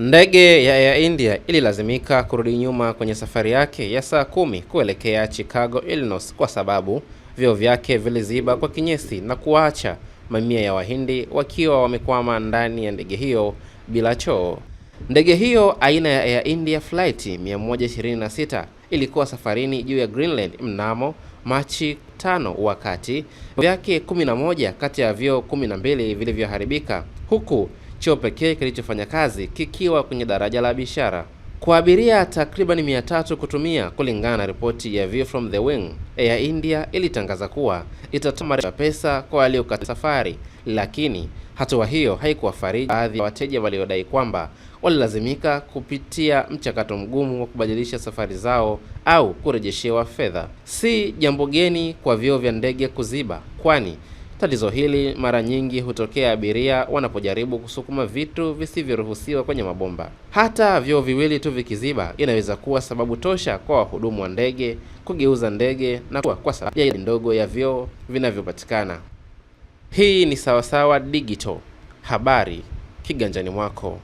Ndege ya Air India ililazimika kurudi nyuma kwenye safari yake ya saa kumi kuelekea Chicago, Illinois kwa sababu vyoo vyake viliziba kwa kinyesi na kuwaacha mamia ya Wahindi wakiwa wamekwama ndani ya ndege hiyo bila choo. Ndege hiyo aina ya Air India Flight 126 ilikuwa safarini juu ya Greenland mnamo Machi tano, wakati vyake 11 kati ya vyoo 12 vilivyoharibika huku chuo pekee kilichofanya kazi kikiwa kwenye daraja la biashara kwa abiria takriban mia tatu kutumia, kulingana na ripoti ya View from the Wing. Air India ilitangaza kuwa itatoa pesa kwa waliokata safari, lakini hatua hiyo haikuwafariji baadhi ya wateja waliodai kwamba walilazimika kupitia mchakato mgumu wa kubadilisha safari zao au kurejeshewa fedha. Si jambo geni kwa vyuo vya ndege kuziba, kwani Tatizo hili mara nyingi hutokea abiria wanapojaribu kusukuma vitu visivyoruhusiwa kwenye mabomba. Hata vyoo viwili tu vikiziba, inaweza kuwa sababu tosha kwa wahudumu wa ndege kugeuza ndege na kuwa kwa sababu ya ndogo ya vyoo vinavyopatikana. Hii ni Sawasawa Digital, habari kiganjani mwako.